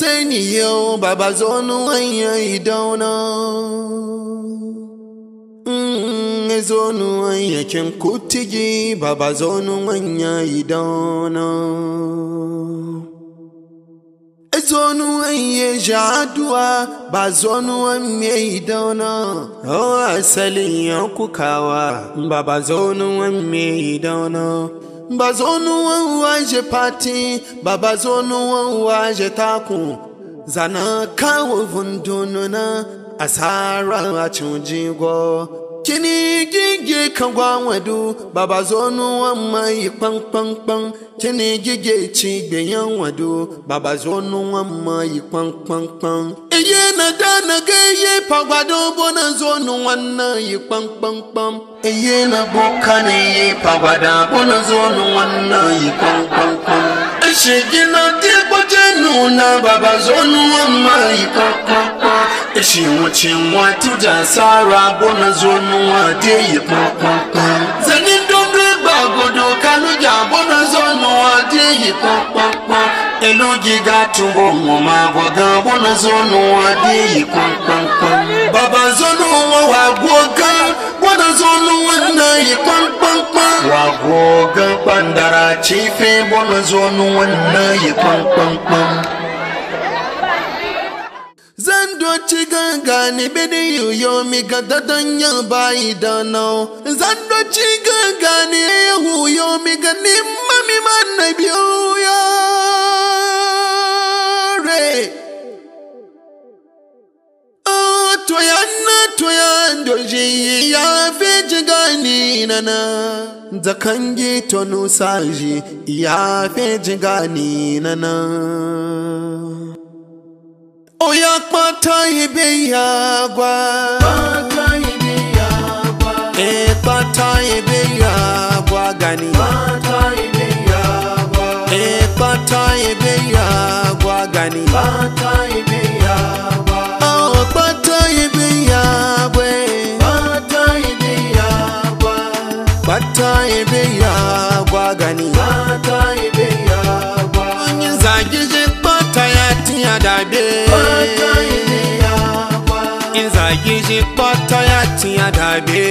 sani yau ba ba zo baba zonu wanya idona mm, zonu wanya kin kutigi ba ba zo baba zonu wanya idona zonu ye jaduwa ba zo zonu mai dauna o asalin yankukawa ba ba zo zonu mai dauna nwanyị wanwaje pati nwanyị wanwaje taku zana kawo vundununa asara a cin jigo Chini gigi kangwa wadu Baba zonu wa mai pang pang pang Chini gigi chigbe yang wadu Baba zonu wa mai pang pang Eye na dana geye pagwado bona zonu wana yi pang pang Eye na bukane ne ye pagwada bona zonu wana yi pang pang pang Eshigina tikwa jenu na baba zonu wa mai pang pang Shi wucin watu da sara bona zonu wa de yi pampampan. Zanin dundu gbagodo kaluja bona zonu wa de yi pampampan. Elu giga tumbo ngoma gwaga bona zonu wa de yi pampampan. Baba zonu wa wagwoga bona zonu wa na yi pampampan. Wagwoga pandara chife bona zonu wa na yi pampampan. zandoci gangane bidi yoyo mi ga dadan yan bayi danau zandoci gangane yahu yo mi ga nimma mi man na biyo ya re toyan na toyan doji ya fi jigani nana zakangi tonu saji ya fi jigani nana oya kpọtọ ibi ya gwa. ekpọtọ ibi ya gwa e gani. ekpọtọ ibi ya gwa e gani. yizi kpɔtɔ ya tia dabe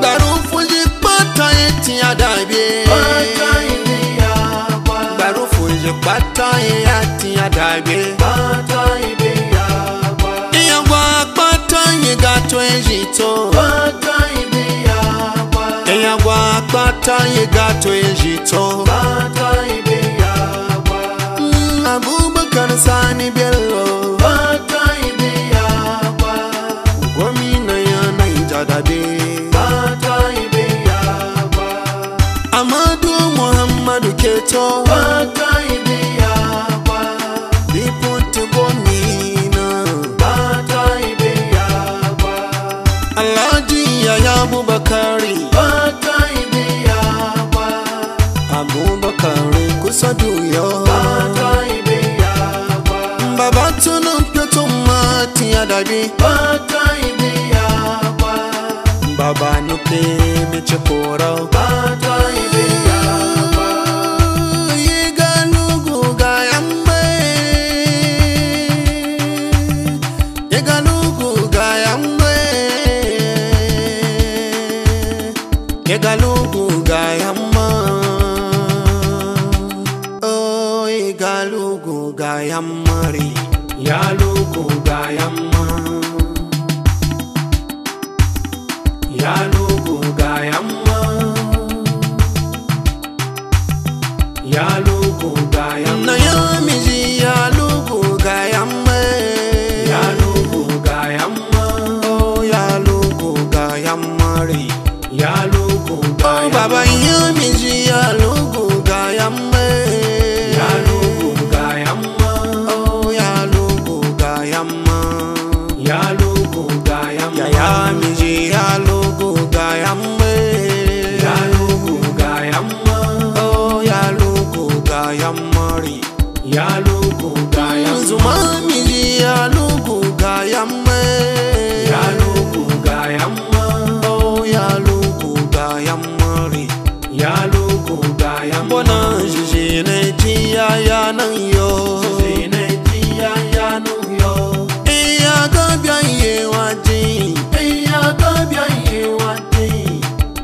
gbaru fuzi kpɔtɔ ya tia dabe gbaru fuzi kpɔtɔ ya tia dabe iyagba kpɔtɔ yi gato ezi to iyagba kpɔtɔ yi gato ezi to. alhaji yaya abubakari bata ibe yawa abubakari kusa duyo bata ibe yawa baba tunu pẹtu mati adabi bata ibe yawa baba nuke mechekora bata. Yeah.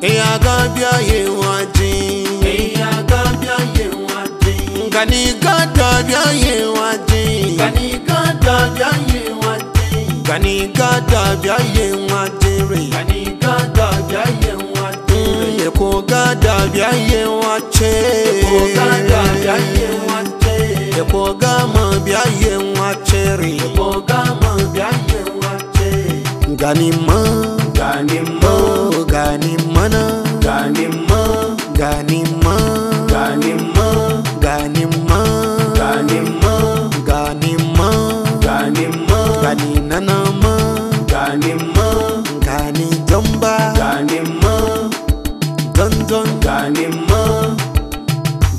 Eya gan ye ayé wọn dín. èèyàn gan bí ayé wọn dín. nkàní gan dán bí ayé gada dín. nkàní gan dán bí ayé wọn dín. nkàní gan dán bí ayé wọn dín rè. nkàní gan dán bí ayé wọn dín rè. èkó gan dán bí ayé wọn ṣe. èkó gan dán bí ayé wọn ṣe. èkó gan mọ̀ bí ayé wọn ṣe rè. èkó ganimmana ganimma ganimma ganimma ganimma ganimma ganimma ganimma ganinanama ganimma gani jamba ganimma zanzan ganimma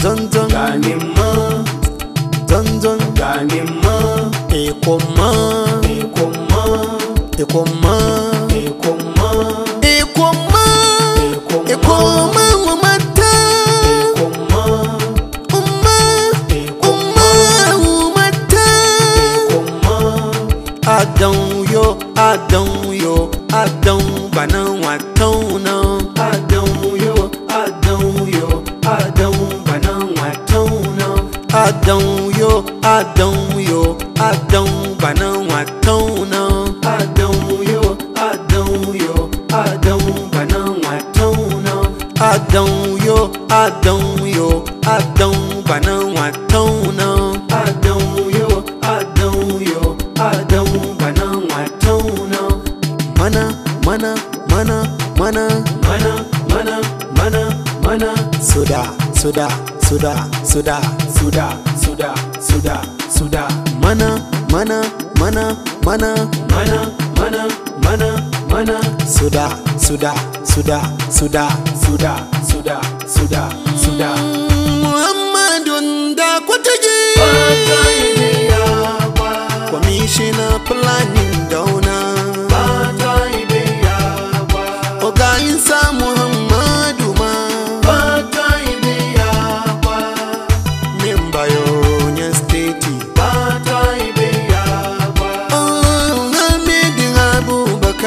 zanzan ganimma zanzan ganimma ekomma ekomma ekomma ekomma adão yo adão banão Adão, não adão yo adão yo adão banão Adão, não adão yo adão yo adão banão Adão, não adão yo adão yo adão banão atão não adão yo adão yo adão banão atão não Suda, Suda, Suda, Suda, Suda, Suda, Suda, Suda. Mana, mana, mana, mana, mana, mana, mana, mana. Suda, Suda, Suda, Suda, Suda, Suda, Suda, Suda.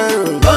tomorrow.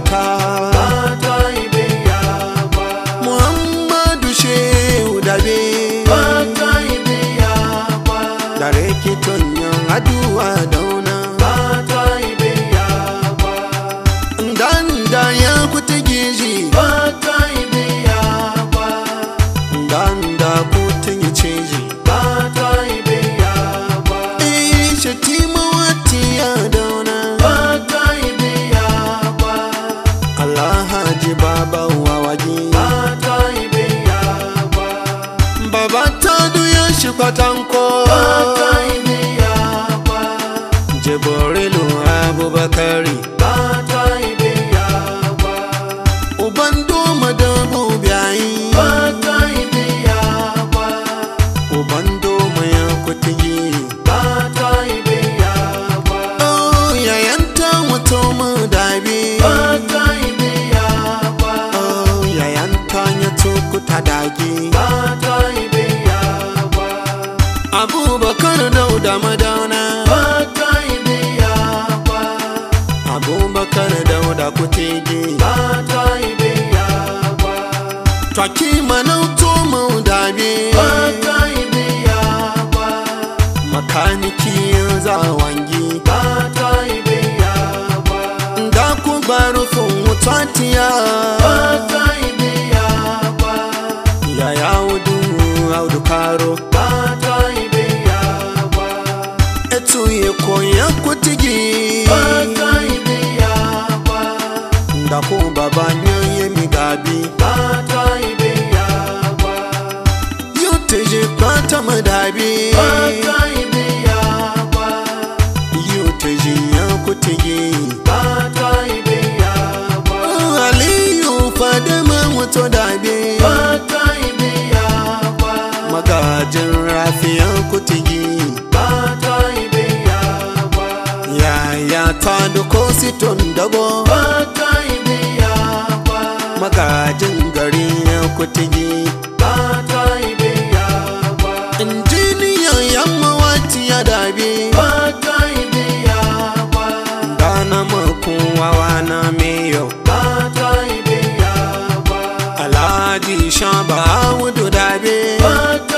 water abubakar dauda madauna bata ibiya kwa abubakar dauda kutege bata ibiya kwa twaki manautu maudabe bata ya kwa makaniki yanzu a wangi bata ibiya kwa ndaku gbaru fun mutatiya bata ya kwa yaya wudu audukaro ye koya kutigi ndako baba ni ye migabi yote je pata madabi kajin gari na kutigi ba ta yi biya ba injiniyan yamma wati ya dabi ba ta yi biya ba gana makon wawa na miyo ba ta yi biya ba alhaji shaba wudu dabi ba ta